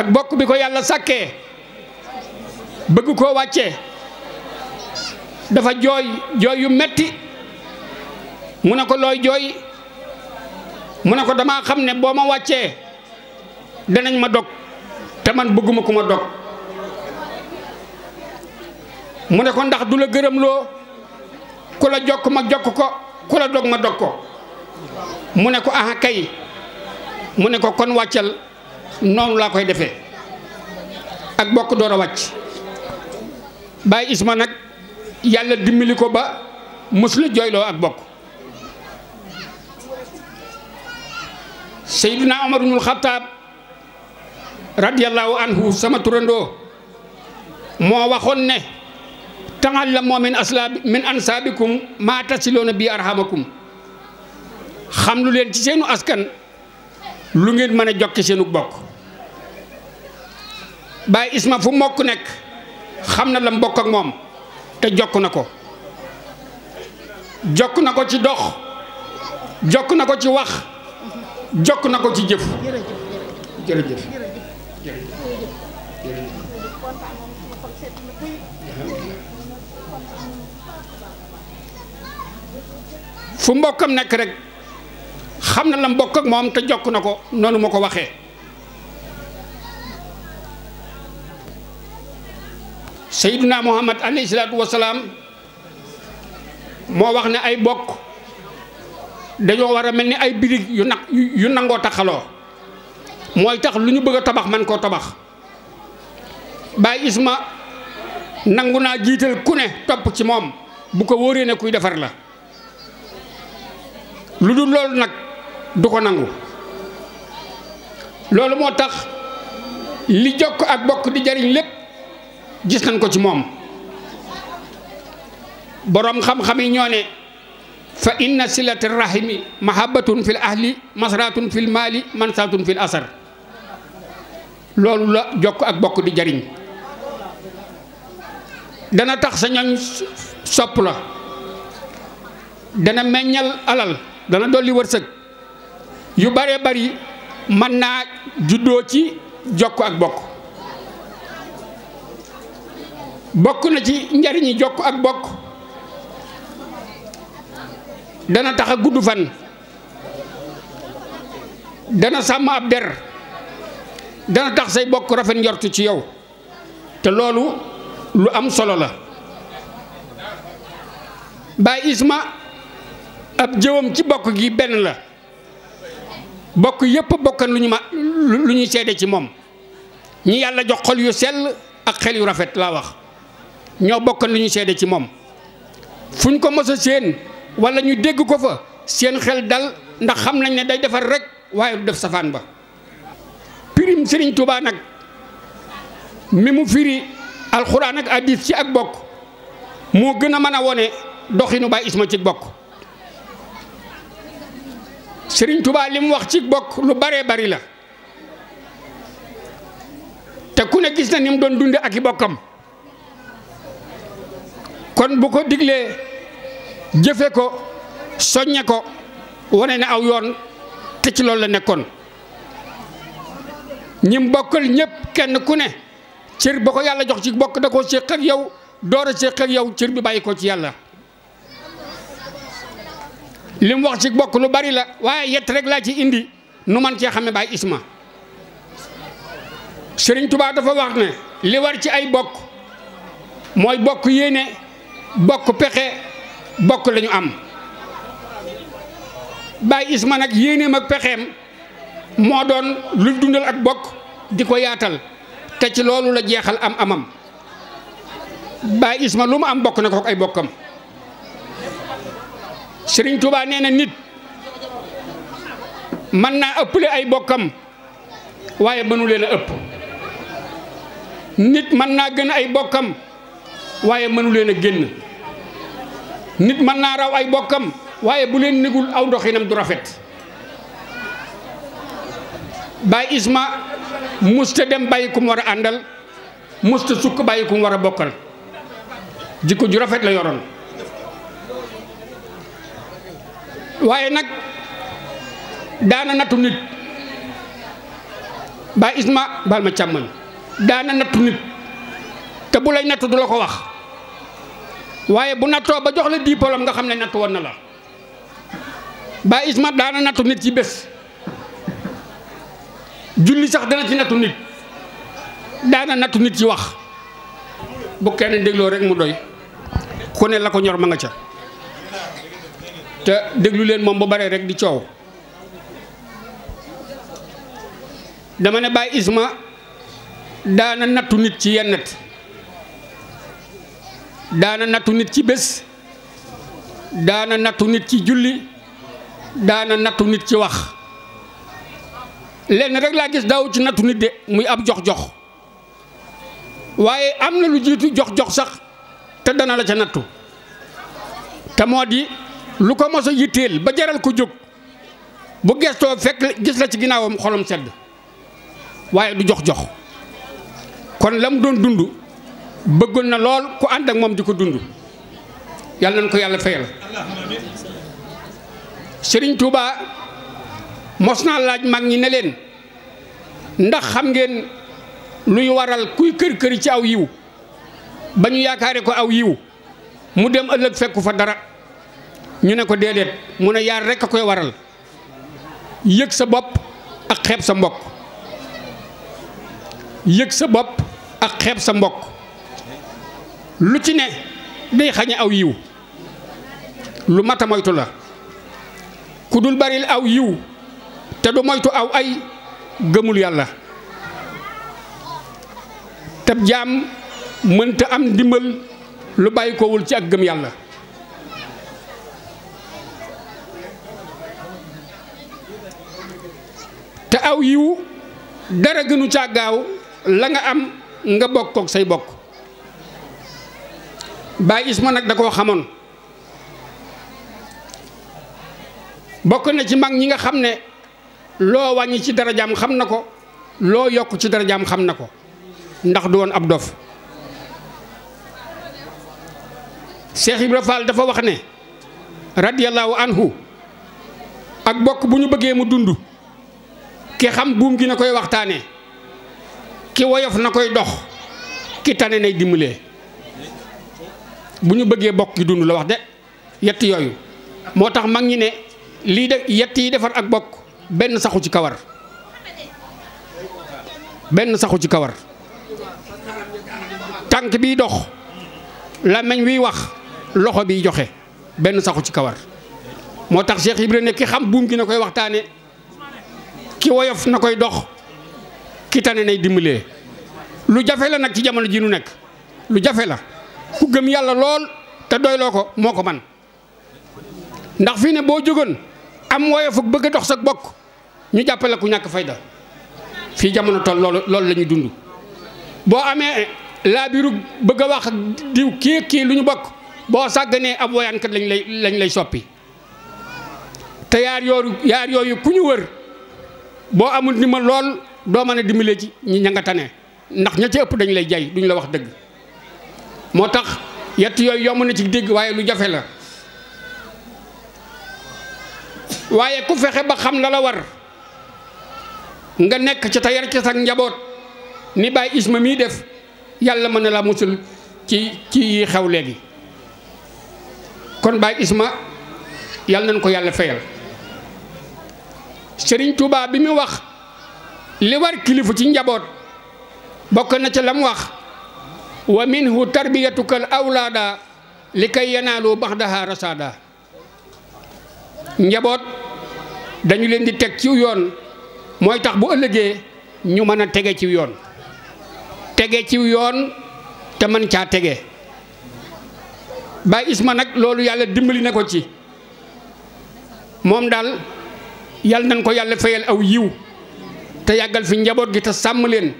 ak bokk bi ko yàlla sakke bëggu ko wàcce dafa jooy jooy yu metti mu ne ko looy jooy mu ne ko damaa xam ne boo ma wàccee danañ ma dog te man bëgguma ku ma dog mu ne ko ndax du la gërëmloo ku la jokk ma jokk ko ku la dog ma dog ko mu ne ko aha mu ne ko kon wàccal noonu laa koy defee ak bokk door a wàcc Baye Isma nag yàlla dimbali ko ba mësula la jooyloo ak bokk Seydina Omar ibnul Xattaab radiyallahu anhu sama turandoo moo waxoon ne ta'allamu min aslab min ansaabikum maa tasiloona bii arhamakum xam lu leen ci seenu askan lu ngeen mën a jokki seenu bokk Baye Isma fu mbokk nekk xam na la mbokk ak moom te jokk na ko jokk na ko ci dox jokk na ko ci wax jokk na ko ci jëf fu mbokkam nekk rek xam na la mbokk ak moom te jokk na ko noonu ma ko waxee Seydina Muhammad alayhi salaatu wasalaam moo wax ne ay bokk dañoo war a mel ni ay birig yu na yu nangoo taxaloo mooy tax lu ñu bëgg a tabax man koo tabax Baay Isma nangu naa jiital ku ne topp ci moom bu ko wóoree ne kuy defar la lu dul loolu nag du ko nangu loolu moo tax li jokk ak bokk di jariñ lépp gis nañ ko ci moom boroom xam-xam yi ñoo ne fa inna silati rahimi mahabbatun fil ahli masratun fil maali mansatun fil asar loolu la jokk ak bokk di jariñ dana tax sa ñoñ sopp la dana meññal alal dana dolli wërsëg yu bare bari mën naa juddoo ci jokk ak bokk bokk na ci njariñ yi jokk ak bokk dana tax a gudd fan dana sàmm ab der dana tax say bokk rafet njortu ci yow te loolu lu am solo la Baay Isma ab jëwam ci bokk gi benn la bokk yépp bokkan lu ñu ma lu ñuy seede ci moom ñi yàlla jox xol yu sell ak xel yu rafet laa wax ñoo bokkan li ñu seede ci moom fuñ ko mos a séen wala ñu dégg ko fa seen xel dal ndax xam nañ ne day defar rek waaye du def safaan ba pirim Serigne Touba nag mi mu firi alxuraan ak hadis ci ak bokk moo gën a mën a wone doxinu Baay Isma ci bokk Serigne Touba li mu wax ci bokk lu baree bari la te ku ne gis na ni mu doon dunde ak i bokkam kon bu ko diglee jëfe ko soññe ko wane na aw yoon te ci loolu la nekkoon ñim bokkal ñépp kenn ku ne cër ba yàlla jox ci bokk da ko séq ak yow door a séq ak yow cër bi bàyyi ko ci yàlla li wax ci bokk lu bari la waaye yett rek laa ci indi nu man cee xame baay isma sëriñ Tuubaa dafa wax ne li war ci ay bokk mooy bokk yéene bokk pexe bokk lañu am Baye ma nag yéeneem ak pexeem moo doon lu dundal ak bokk di ko yaatal te ci loolu la jeexal am amam Baye ma lu mu am bokk na ko ay bokkam Sëriñ Tuubaa nee na nit mën naa ëpple ay bokkam waaye mënu a ëpp nit mën naa gën ay bokkam waaye mënu leen a génn nit mën naa raw ay bokkam waaye bu leen négul aw doxinam du rafet Baay Isma musta dem bàyyi ku war a àndal musta sukk bàyyi war a bokkal jikko ju rafet la yoroon waaye nag daana nattu nit Baay Isma baal ma càmmal daana nattu nit te bu lay nattu du la ko wax waaye bu nattoo ba jox la diplôme nga xam ne natt woon na la ba Isma daana nattu nit ci bés julli sax dana ci nattu nit daana nattu nit ci wax bu kenn dégloo rek mu doy ku ne la ko ñor ma nga ca te déglu leen moom bu baree rek di coow dama ne Baay Isma daana nattu nit ci yennat daana nattu nit ci bés daana nattu nit ci julli daana nattu nit ci wax lenn rek laa gis daawu ci nattu nit de muy ab jox-jox waaye am na lu jiitu jox-jox sax te dana la ca nattu te moo di lu ko mos a yitteel ba jaral ko jóg bu gestoo fekk gis la ci ginnaawam xolom sedd waaye du jox-jox kon la mu doon dund bëggoon na lool ku àndak moom di ko dund yàlla nañ ko yàlla fayal sëriñ Touba mos naa laaj mag ñi ne leen ndax xam ngeen luy waral kuy kër këri ci aw yiw ba ñu yaakaare ko aw yiw mu dem ëllëg fekku fa dara ñu ne ko déedéet mu ne yaar rekk a koy waral yëg sa bopp ak xeeb sa mbokk yëg sa bopp ak xeeb sa mbokk lu ci ne day xañe aw yiw lu mata moytu la ku dul baril aw yiw te du moytu aw ay gëmul yàlla tab jaam mënta am ndimbal lu bàyyikowul ci ak gëm yàlla te aw yiw dara gënu caa la nga am nga bokkook say bokk bàyyi isma nag da koo xamoon bokk na ci mag ñi nga xam ne loo wàññi ci darajaam xam na ko loo yokk ci darajaam xam na ko ndax du woon ab dof Cheikh Ibra dafa wax ne radiyallahu anhu ak bokk bu ñu bëggee mu dund ki xam buum gi na koy waxtaane ki woyof na koy dox ki tane nay dimbalee bu ñu bëggee bokk yi dund la wax de yett yooyu moo tax mag ñi ne lii de yett yi defar ak bokk benn saxu ci kawar benn saxu ci kawar tànk biy dox làmmiñ wiy wax loxo biy joxe benn saxu ci kawar moo tax Cheikh Ibrahima ne ki xam buum gi na koy waxtaane ki woyof na koy dox ki tane nay dimbalee lu jafe la nag ci jamono ji nu nekk lu jafe la ku gëm yàlla lool te doyloo ko moo ko man ndax fii ne boo jógoon am woyof ak bëgg a dox sa bokk ñu jàppale ku ñàkk fayda fii jamono toll loolu lañuy dund boo amee laa biru bëgg a wax diw kii kii lu ñu bokk boo sàgganee ab woyaankat lañ lay lañ lay soppi te yaar yooyu yaar yooyu ku ñu wër boo amul ni ma lool doo mën a dimbale ci ñi ña ndax ña ci ëpp dañ lay jay duñ la wax dëgg moo tax yett yooy yomb na ci dégg waaye lu jafe la waaye ku fexe ba xam la la war nga nekk ca te yar ca sa njaboot ni bàyyi isma mii def yàlla mën na la musul ci ci yi xew léegi kon bàyyi isma yàlla nañ ko yàlla fayal sëriñ Tuubaa bi mu wax li war kilifa ci njaboot bokk na ca lam wax wa minhu tarbiyatuka al awlaada li kay yanaalu baxdaha rasaada njaboot dañu leen di teg ciw yoon mooy tax bu ëllëgee ñu mën a tege ci yoon tege ciw yoon te mën caa tege Baay Isma nag loolu yàlla dimbali na ko ci moom daal yàlla nañ ko yàlla fayal aw yiw te yàggal fi njaboot gi te sàmm leen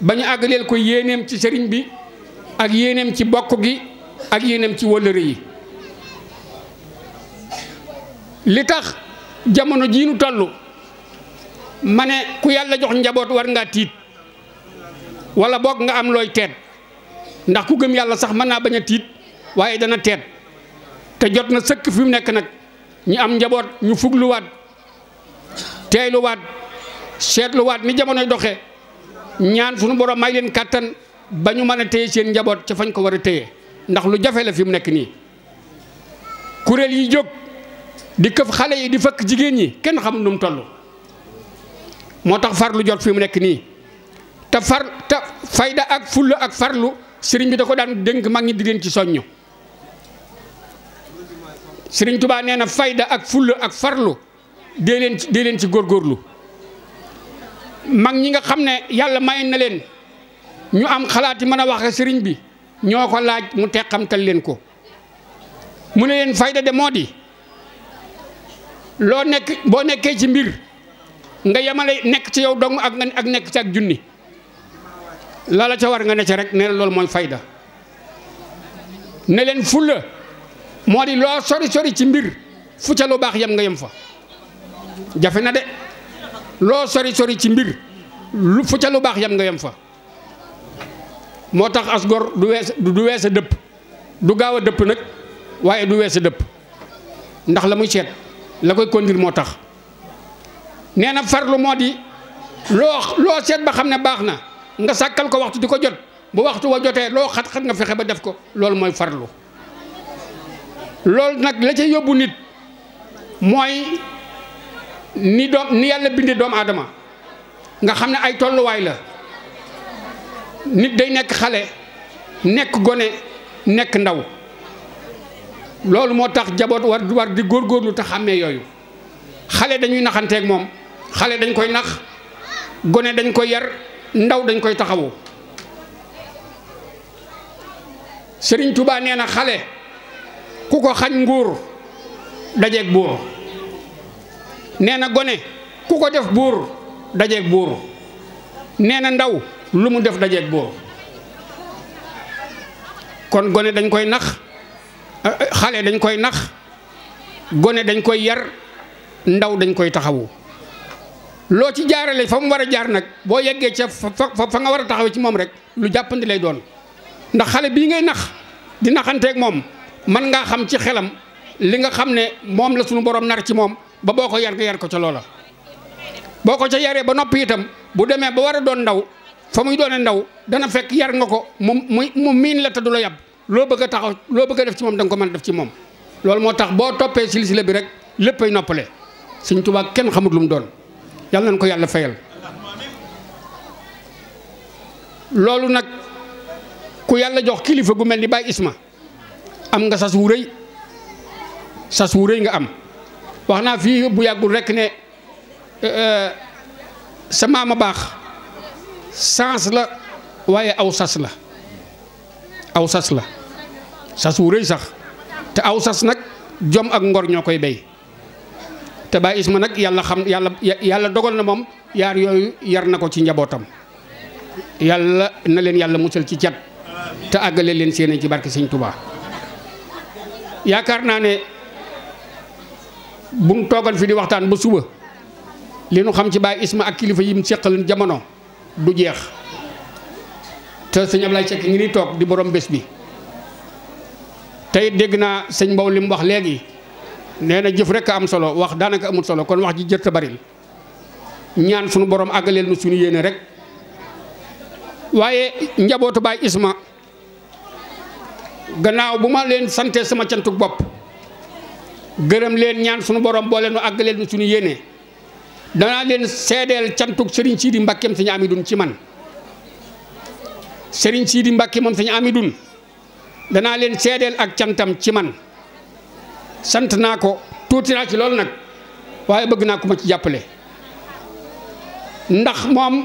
ba ñu àggaleel ko yéeneem ci sëriñ bi ak yéeneem ci bokk gi ak yéeneem ci wëllëre yi li tax jamono jii nu toll ma ne ku yàlla jox njaboot war ngaa tiit wala boog nga am looy teet ndax ku gëm yàlla sax mën naa bañ a tiit waaye dana teet te jot na sëkk fi mu nekk nag ñu am njaboot ñu fugluwaat teeyluwaat seetluwaat ni jamonoy doxe ñaan sunu borom may leen kàttan ba ñu mën a téye seen njaboot ci fañ ko war a téye ndax lu jafe la fi mu nekk nii kuréel yi jóg di këf xale yi di fëkk jigéen ñi kenn xamul nu mu toll moo tax farlu jot fi mu nekk nii te far te fayda ak fulla ak farlu sëriñ bi da ko daan dénk mag ñi di leen ci soññu sëriñ Tuubaa nee na fayda ak fulla ak farlu dee leen ci dee leen ci góorgóorlu mag ñi nga xam ne yàlla may na leen. ñu am xalaat yi mën a waxe sëriñ bi ñoo ko laaj mu teqamtal leen ko mu ne leen fayda de moo di loo nekk boo nekkee ci mbir nga yemale nekk ci yow dong ak nga ak nekk ci ak junni lala ca war nga ne ca rek ne loolu mooy fayda ne leen fulla moo di loo sori sori ci mbir fu ca lu baax yam nga yem fa jafe na de loo sori sori ci mbir lu fu ca lu baax yem nga yem fa moo tax as gor du wees du wees a dëpp du gaaw a dëpp nag waaye du weesa dëpp ndax la muy seet la koy conduire moo tax nee na farlu moo di loo loo seet ba xam ne baax na nga sàkkal ko waxtu di ko jot bu waxtu wa jotee loo xat-xat nga fexe ba def ko loolu mooy farlu loolu nag la ca yóbbu nit mooy ni doom ni yàlla bindee doomu aadama nga xam ne ay tolluwaay la nit day nekk xale nekk gone nekk ndaw loolu moo tax jaboot war war di góorgóorlu te xàmmee yooyu xale dañuy naxanteeg moom xale dañ koy nax gone dañ koy yar ndaw dañ koy taxawu Sëriñ Tuubaa nee na xale ku ko xañ nguur dajeeg buur nee na gone ku ko def buur dajeeg buur nee na ndaw lu mu def dajeeg boo kon gone dañ koy nax xale dañ koy nax gone dañ koy yar ndaw dañ koy taxawu loo ci jaarale fa mu war a jaar nag boo yeggee ca fa nga war a taxawee ci moom rek lu jàppandi lay doon ndax xale bii ngay nax di naxanteeg moom mën ngaa xam ci xelam li nga xam ne moom la suñu borom nar ci moom ba boo ko yar nga yar ko ca loola. boo ko ca yaree ba noppi itam bu demee ba war a doon ndaw fa muy doone ndaw dana fekk yar nga ko mu mu miin la te du la yàbb loo bëgg a taxaw loo bëgg a def ci moom danga ko mën def ci moom loolu moo tax boo toppee silsila bi rek léppay noppale Sëñ Tuubaa kenn xamut lu doon yàlla nañ ko yàlla fayal loolu nag ku yàlla jox kilifa gu mel ni Baye Isma am nga sas wu rëy sas wu rëy nga am wax naa fii bu yàggul rekk ne euh, euh, sa maama baax sens la waaye aw sas la aw sas la sas wu rëy sax te aw sas nag jom ak ngor ñoo koy bay te Baay Isma nag yàlla xam yàlla yàlla dogal na moom yaar yooyu yar na ko ci njabootam yàlla na leen yàlla musal ci cat te àggale leen seen ci barke Sëñ Tuubaa yaakaar naa ne bu mu toogal fi di waxtaan ba suba li nu xam ci baa Isma ak kilifa yi mu seqal jamono. du jeex te sëñ Ablaye Seck ngi ni toog di borom bés bi tey dégg naa sëñ Mbow li mu wax léegi nee na jëf rek am solo wax daanaka amul solo kon wax ji jërta baril ñaan sunu borom àggaleel nu suñu yéene rek waaye njabootu baay Isma gannaaw bu ma leen sante sama cantu bopp gërëm leen ñaan sunu borom boole nu àggaleel nu suñu yéene. danaa leen seedeel cantug Serigne Sidi Mbacke moom ami dun ci man Serigne Sidi Mbacke moom sëñ Amidun danaa leen seedeel ak cantam ci man sant naa ko tuuti naa ci loolu nag waaye bëgg naa ko ma ci jàppale ndax moom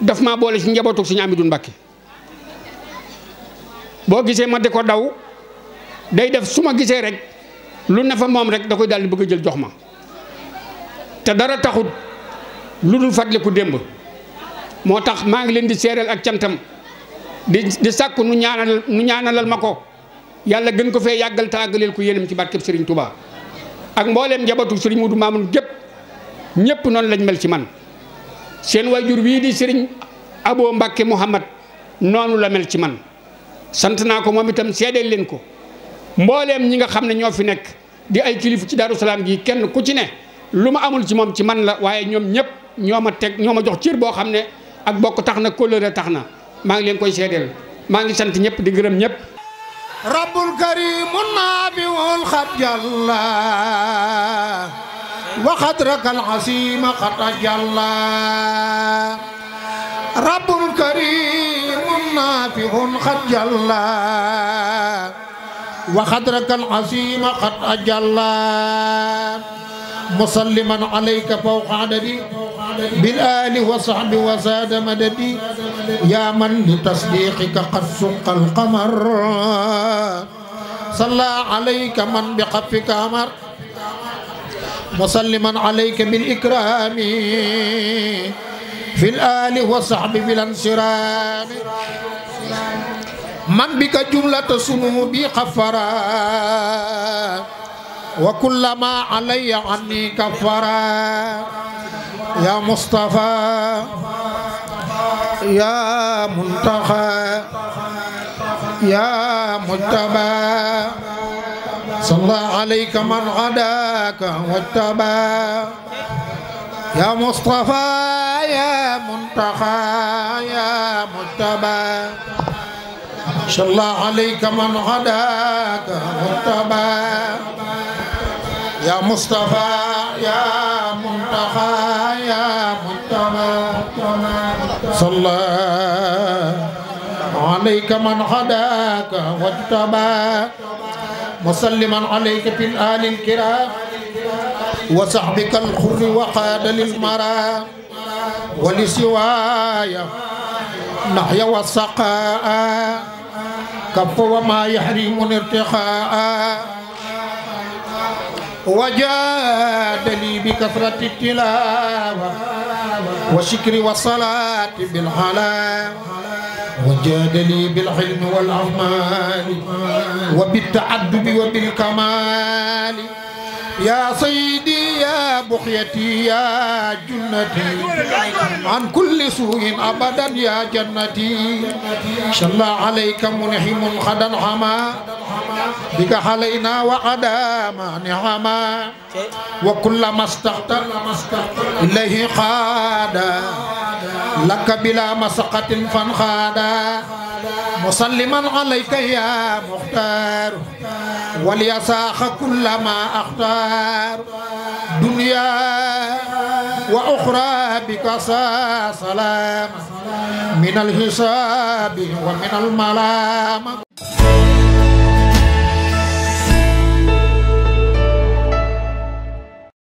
daf ma boole ci njabootug sëñ Amidun Mbacke boo gisee ma di ko daw day def su ma gisee rek lu ne fa moom rek da koy daal di bëgg jël jox ma. te dara taxut lu dul ku démb moo tax maa ngi leen di seereel ak cantam di di sàkku nu ñaanal nu ñaanalal ma ko yàlla gën ko fee yàggal tàggaleel ko yéenam ci barkeb Serigne Touba ak mbooleem njabatu siriñ Modou Mamoune gépp ñëpp noonu lañ mel ci man seen jur wii di Serigne Abo Mbacke Mouhamad noonu la mel ci man sant naa ko moom itam seedeel leen ko mbooleem ñi nga xam ne ñoo fi nekk di ay kilifa ci Darou Salaam gi kenn ku ci ne. lu ma amul ci moom ci man la waaye ñoom ñëpp ñoo ma teg ñoo ma jox cër boo xam ne ak bokk tax na kóllëre tax na maa ngi leen koy seedeel maa ngi sant ñëpp di gërëm ñëpp rabbul karimu naabiul xat jalla wa xadrakal asima xata jalla xat jalla wa مسلما عليك فوق عددي بالآل وصحب وزاد مددي يا من لتصديقك قد سق القمر صلى عليك من بقفك أمر مسلما عليك بالإكرام في الآل وصحب بالانسرام من بك جملة سنوبي خفرا وكلما علي عني كفرا يا مصطفى يا منتخى يا مجتبى صلى عليك من عداك واتبى يا مصطفى يا منتخى يا مجتبى صلى عليك من عداك واتبى يا مصطفى يا منتقى يا منتقى صلى عليك من هداك واجتباك مسلما عليك في الآل الكرام وصحبك الخر وقاد للمرام ولسواي نحيا والسقاء كف وما يحرمني ارتخاء وجادني بكثرة التلاوة والشكر والصلاة بالحلاوة وجادني بالحلم والأعمال وبالتعدب وبالكمال يا سيدي يا بقيتي يا جنتي عن كل سوء أبدا يا جنتي صلى عليك منعم خدا حما بك علينا وعدا مانعما وكل ما استقتل إليه قادا لك بلا مسقة فانخادا مسلما عليك يا مختار وليساخ كل ما أختار دنيا وأخرى بك سلام من الحساب ومن الملام